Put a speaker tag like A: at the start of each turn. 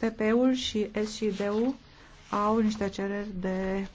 A: PP-ul și SCD-ul au niște cereri de